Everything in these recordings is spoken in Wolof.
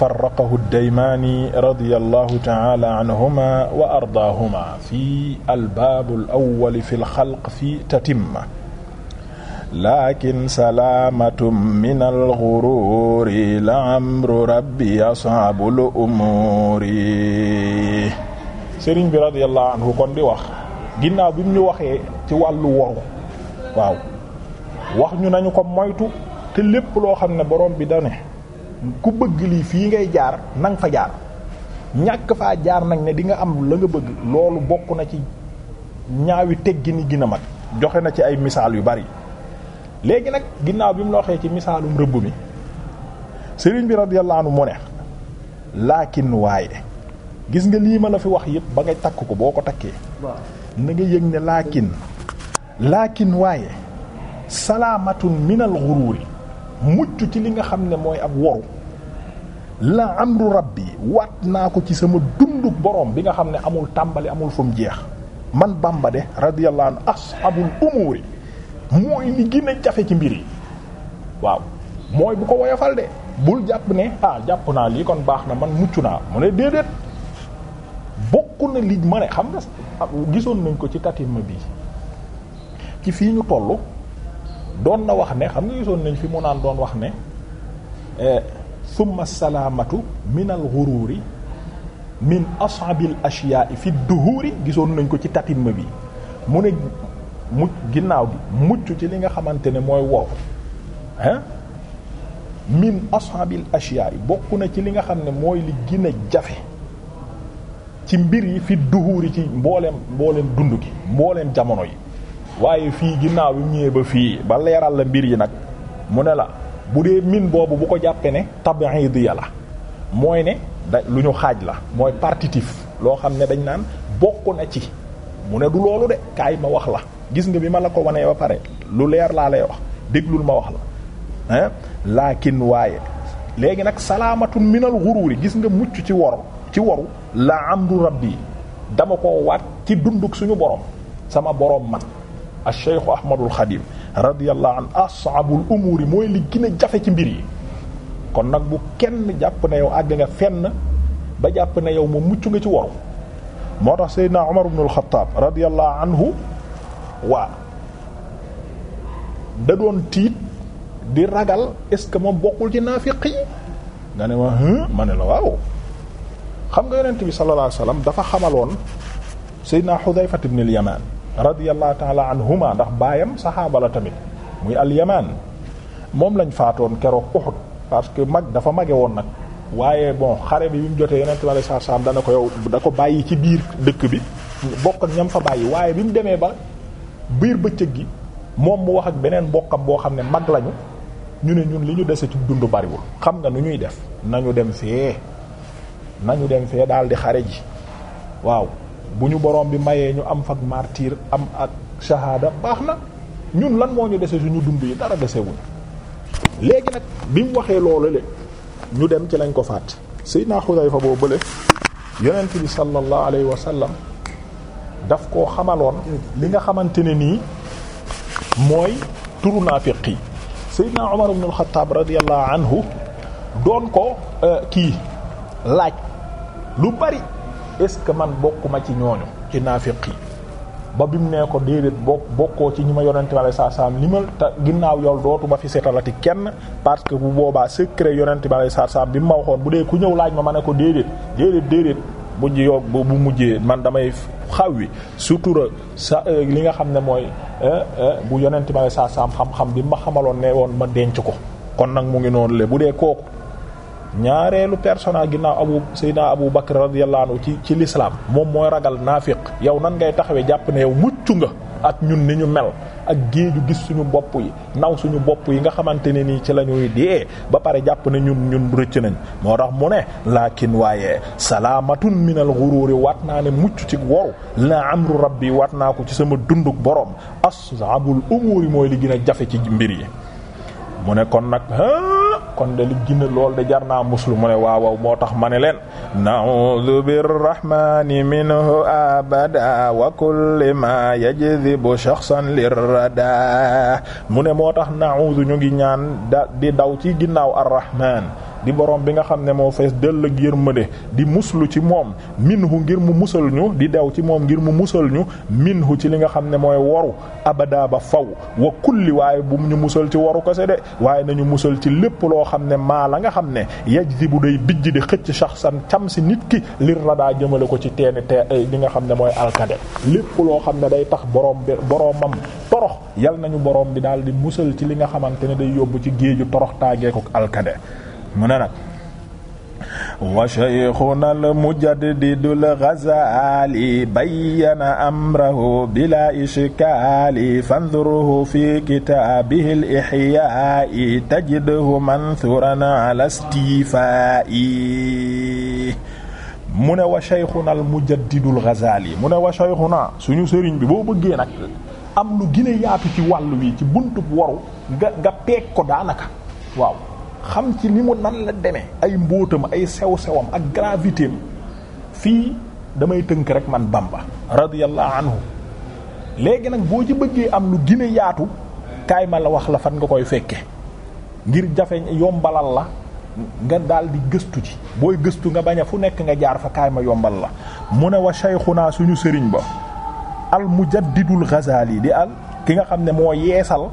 farraqahu ad-Daymaani radiyallahu ta'ala anhuma wa ardaahuma fi al-baab al-awwal fi al-xalq fi tatimma lakin salaamatum min al-ghuruuri la'amru rabbi as'abul umuuri sëriñ bi radiyallahu anhu kon di wax ginnaaw bi mu ñu waxee ci wàllu woru waaw wax ñu nañu ko moytu te lépp loo xam ne borom bi dane ku bëgg lii fii ngay jaar nang fa jaar ñàkk fa jaar nag ne di nga am la nga bëgg loolu bokk na ci ñaawi teggi ni gën mag joxe na ci ay misaal yu bari léegi nag ginnaaw bi mu waxee ci misaalum rëbb mi sëriñ bi radiyallahu anhu mu ne waaye gis nga lii ma la fi wax yépp ba ngay takk ko boo ko takkee na nga yëg ne laakin laakin waaye salaamatun minal xuruuri mucc ci li nga xam ne mooy ab woru la amru rabbi waat naa ko ci sama dunduk borom bi nga xam ne amul tàmbali amul fu mu jeex man Bamba de radiyallahu anhu ashabul umuri mooy li gën jafe ci mbir yi waaw mooy bu ko woyofal de bul jàpp ne ah jàpp naa lii kon baax na man mucc naa mu ne déedéet bokk na li ma ne xam nga gisoon nañ ko ci tatima bi ci fii ñu tollu doon na wax ne xam nga gisoon nañ fi mu naan doon wax ne eh, summa salaamatu min al ghururi min as'abil ashyaa'i fi duhuri gisoon nañ ko ci tatimma bi mu ne mucc ginnaaw gi mucc ci li nga xamante ne mooy woofu hein min ashabil ashiya bokk na ci li nga xam ne mooy li gin a jafe ci mbir yi fi duhuur ci mbooleem mboolem dund gi mbooleem jamono yi waaye fii ginnaaw bi ñëwee ba fii ba leeral la mbir yi nag mu ne la bu dee min boobu bu ko jàppee ne tabiidiya la mooy ne da lu ñu xaaj la mooy partitif loo xam ne dañ naan bokk na ci mu ne du loolu de kaay ma wax la gis nga bi ma la ko wanee ba pare lu leer laa lay wax déglul ma wax la hein laakin waaye léegi nag salaamatun minal gururi gis nga mucc ci wor ci woru la amdu rabbi dama koo waat ci dunduk suñu borom sama borom man acheikhu ahmadul xadim radiallahu an asaabul umuur yi mooy li gën jafe ci mbir yi kon nag bu kenn jàpp na yow àgg nga fenn ba jàpp na yow moom mucc nga ci waru moo tax seydina umar ibn al-xattaab radiallahu waa da doon tiit di ragal est-ce que moom bokkul ci naafiq nga ne ma ma ne la waaw xam nga yonent bi sallallahu alayhi wasallam dafa xamaloon seydina xudayfat ibn yamaan radiyallahu taala anhuma ndax baayam saxaaba la tamit muy alyamaan moom lañ faatoon keroog Uhud parce que mag dafa mage woon nag waaye bon xare bi bi mu jotee yonent bi saa saam dana ko yow da ko bàyyi ci biir dëkk bi bokkat ñam fa bàyyi waaye bi mu demee ba biir bëccëg gi moom mu wax ak beneen mbokkam boo xam ne mag lañu ñu ne ñun li ñu dese ci dund bariwul xam nga nu ñuy def nañu dem fee nañu dem fee daal di xare ji waaw bu ñu borom bi mayee ñu am fak martiir am ak shahada baax na ñun lan moo ñu dese suñu dund yi dara desewul léegi nag bi mu waxee loolu le ñu dem ci lañ ko faat Seydina Xudayfa boo bële yonent bi sallallahu alayhi wa daf koo xamaloon li nga xamante ne nii mooy turu naafiq yi Seydina Umar ibn al-Khattab radiyallahu anhu doon ko euh, kii laaj lu bari est-ce que man bokkuma ci ñooñu ci naafiq yi ba bi mu nee ko déedéet bokk bokkoo ci ñu ma yonente bi saa saam limal te ginnaaw yool dootu ma fi setalati kenn parce que bu boobaa secret yonente bi saa saam bi ma waxoon bu dee ku ñëw laaj ma ma ne ko déedéet déedéet déedéet bu ji yoog bu mujjee man damay xaw wi sutura sa euh, li nga xam ne mooy euh, euh, bu yonente bi saa saam xam-xam bi ma xamaloon ne woon ma denc ko kon nag mu ngi noonu le bu dee kooku ñaareelu personnage ginnaaw abu sayyidina abu bakr radiyallahu ci ci l'islam moom mooy ragal naafiq yow nan ngay taxawee jàpp ne yow mucc nga ak ñun ni ñu mel ak géeju gis suñu bopp yi naw suñu bopp yi nga xamante ne nii ci la ñuy dee ba pare jàpp ne ñun ñun rëcc nañ moo tax mu ne laakin waaye salaamatun minal ghururi waat naa ne mucc ci woru la amru rabbi waat naa ko ci sama dunduk borom asabul umuri mooy li gën a jafe ci mbir yi mu ne kon nag kon de li gën lool de jar naa muslu mu ne waawaw moo tax ma ne leen na'udhu birrahmani minhu abada wa kulli ma yajzibu shakhsan lirrada mu ne moo tax na'udhu ñu ngi ñaan di daw ci ginnaaw arrahman di borom bi nga xam ne moo fees dëll ak yërmande di muslu ci moom minhu ngir mu musal ñu di dew ci moom ngir mu musal ñu minhu ci li nga xam ne mooy waru abada ba fow wa kulli waaye bu ñu musal ci waru kese de waaye nañu musal ci lépp loo xam ne maa la nga xam ne bu day bijj di xëcc shaxsan cam si nit ki liir radaa jëmale ko ci teeni te eh, li nga xam ne mooy alkade lépp loo xam ne day tax borom bi boromam torox yal nañu borom bi daal di musal ci li nga xamante ne day yóbbu ci géeju torox taageekok alkade mu ne nag wa shaykhuna al-mujaddid al-Ghazali bayyana amrahu bila ishkaali fanzurhu fi kitaabihi al-ihyaa'i tajidhu manthuran ala istifaa'i mu ne wa shaykhuna al-mujaddid al-Ghazali mu ne wa shaykhuna suñu sëriñ bi boo bëggee nag am lu gën a yaatu ci wàll wi ci buntub waru nga nga peeg ko daanaka waaw xam ci ni mu nan la demee ay mbóotam ay sew-sewam ak gravité am fii damay tënk rek man Bamba radiyallahu anhu léegi nag boo ci bëggee am lu gën a yaatu kaay ma la wax la fan nga koy fekke ngir jafe yombalal la nga daal gëstu ci booy gëstu nga bañ fu nekk nga jaar fa kaay ma yombal la mu ne wa shaykhuna suñu sëriñ ba al mujaddidul Ghazali di al ki nga xam ne moo yeesal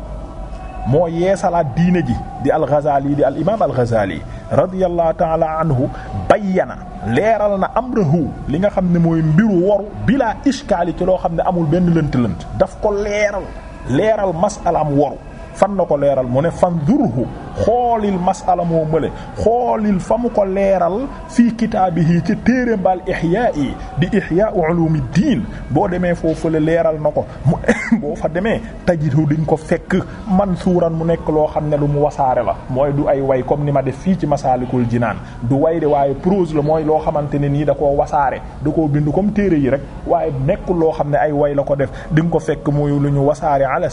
moo yeesalaat diine ji di al-Ghazali di al-imaam al-Ghazali radiyallahu taala anhu bayyana leeral na am amrahu li nga xam ne mooy mbiru waru bilaa ishkaali ci loo xam ne amul benn lënt-lënt daf ko leeral leeral masalaam waru fan na ko leeral mu ne fan durhu xoolil masala moo mële xoolil fa mu ko leeral fii kitaabihi ci téere mbal ihya yi di ihya ulumuddin boo demee foofu la leeral na ko mu boo fa demee tajidu diñ ko fekk mansuuran mu nekk loo xam ne lu mu wasaare la mooy du ay way comme ni ma def fii ci masaalikul jinaan du way de waaye prose la mooy loo xamante ne nii da koo wasaare da koo bind comme téere yi rek waaye nekkul loo xam ne ay way la ko def di nga ko fekk muy lu ñu wasaare ala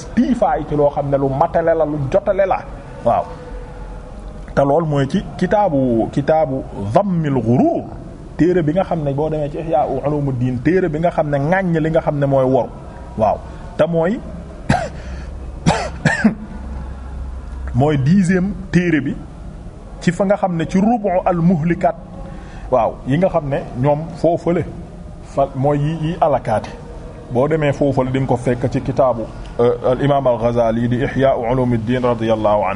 loo xam ne lu mat mottale la lu jotale la waaw te lool mooy ci kitaabu kitaabu dammil ghuruur téere bi nga xam ne boo demee ci ihya ulumuddin téere bi nga xam ne ŋàññ li nga xam ne mooy wor waaw te mooy mooy dixième téere bi ci fa nga xam ne ci rubu al waaw yi nga xam ne ñoom foofale mooy yi yi alakaati boo demee foofale di nga ko fekk ci kitaabu Euh, al imaam al Ghazali di Ihya Ulumuddin radiyallahu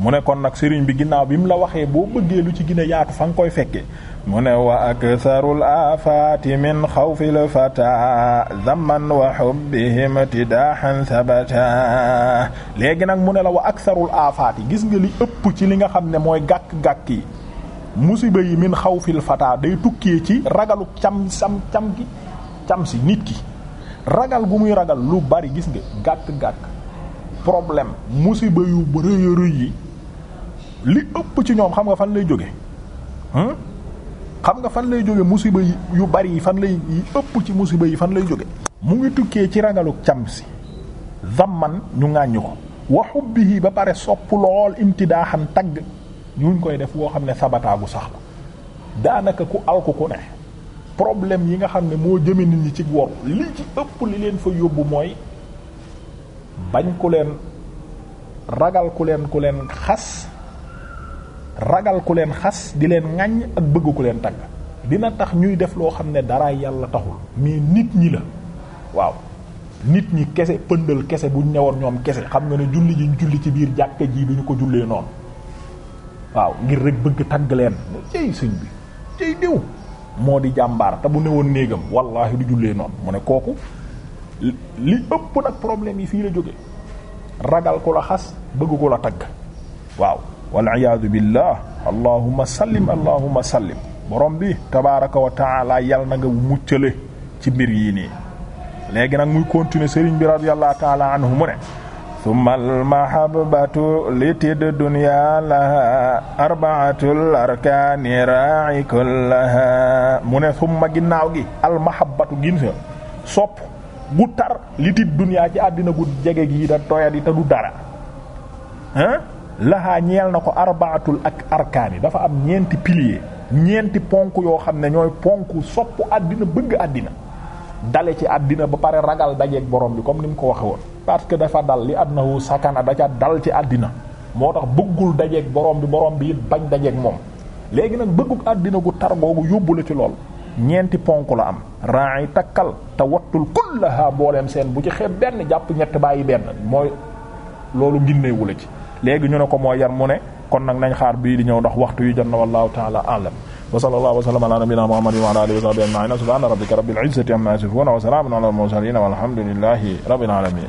mu ne kon nag sëriñ bi ginnaaw bi mu la waxee boo bëggee lu ci gën a yaatu fa nga koy fekkee mu ne wa aktharul afaati min xawfil fata zaman wa hubbihim tidaahan sabata léegi nag mu ne la wa aktharul afaati gis nga li ëpp ci li nga xam ne mooy gàkk-gàkk yi musiba yi min xawfil fata day tukkee ci ragalu cam sam cam gi cam si nit ki ragal gu muy ragal lu bari gis nga gàkk-gàkk problème musiba yu rëy a rëy yi li ëpp ci ñoom xam nga fan lay jóge xam nga fan lay jóge musiba yu bari yi fan lay yi ëpp ci musiba yi fan lay jóge mu ngi tukkee ci ragalu cam si zamman ñu ŋàññu ko waxu bihi ba pare sopp lool imtidaaxan tagg ñuñ koy def woo xam ne sabataagu sax la daanaka ku alku ku ne problème yi nga xam ne moo jëme nit ñi ci wor li ci ëpp li leen fa yóbbu mooy bañ ku leen ragal ku leen ku leen xas ragal ku leen xas di leen ŋàññ ak bëgg ku leen tagg dina tax ñuy def loo xam ne dara yàlla taxul mais nit ñi la waaw nit ñi kese pëndal kese buñ ñëwoon ñoom kese xam nga ne julli ji ñu julli ci biir jàkka ji duñu ko jullee noonu waaw ngir rek bëgg tagg leen cey sëñ bi cey diw moo di jàmbaar te bu woon néegam wallaahi du jullee noonu mu ne kooku li ëpp nag problème yi fii la jóge ragal ku la xas bëgg ku la tagg waaw waliyaadu billah allahuma sallim allahuma sallim borom bi tabaraka wa taala yal na nga muccale ci mbir yii nii léegi nag muy continuer sëriñ bi radiyallahu taala anhu mu ne ثم المحبة لتد دنيا لها أربعة الأركان راعي كلها mu ne summa ginnaaw gi almahabatu gin sa sopp gu tar litit duniyaa ci àddina gu jege gi da tooya di te du dara ah lahaa ñeel na ko arbaatul ak arkaan yi dafa am ñeenti pilier ñeenti ponk yoo xam ne ñooy ponku sopp àddina bëgg àddina dale ci àddina ba pare ragal dajeeg borom bi comme ni mu ko waxe woon parce que dafa dal li annahu sakana da ca dal ci àddina moo tax bëggul dajeek borom bi borom bi it bañ dajeeg moom léegi nag bëggug àddina gu targoogu yóbbu la ci lool ñeenti ponk la am raay takkal te wattul kullaha booleem seen bu ci xeeb benn jàpp ñett bàyyi benn mooy loolu ginneewu la ci léegi ñu ne ko mooy yar mu ne kon nag nañ xaar bii di ñëw ndax waxtu yi jot na wallahu taala alam wa sallallahu wa sallama ala nabina muhammadin wa ala alihi wa sahbihi ajma'in subhana rabbika rabbil izzati amma yasifun wa salamun ala al mursalin walhamdulillahi rabbil alamin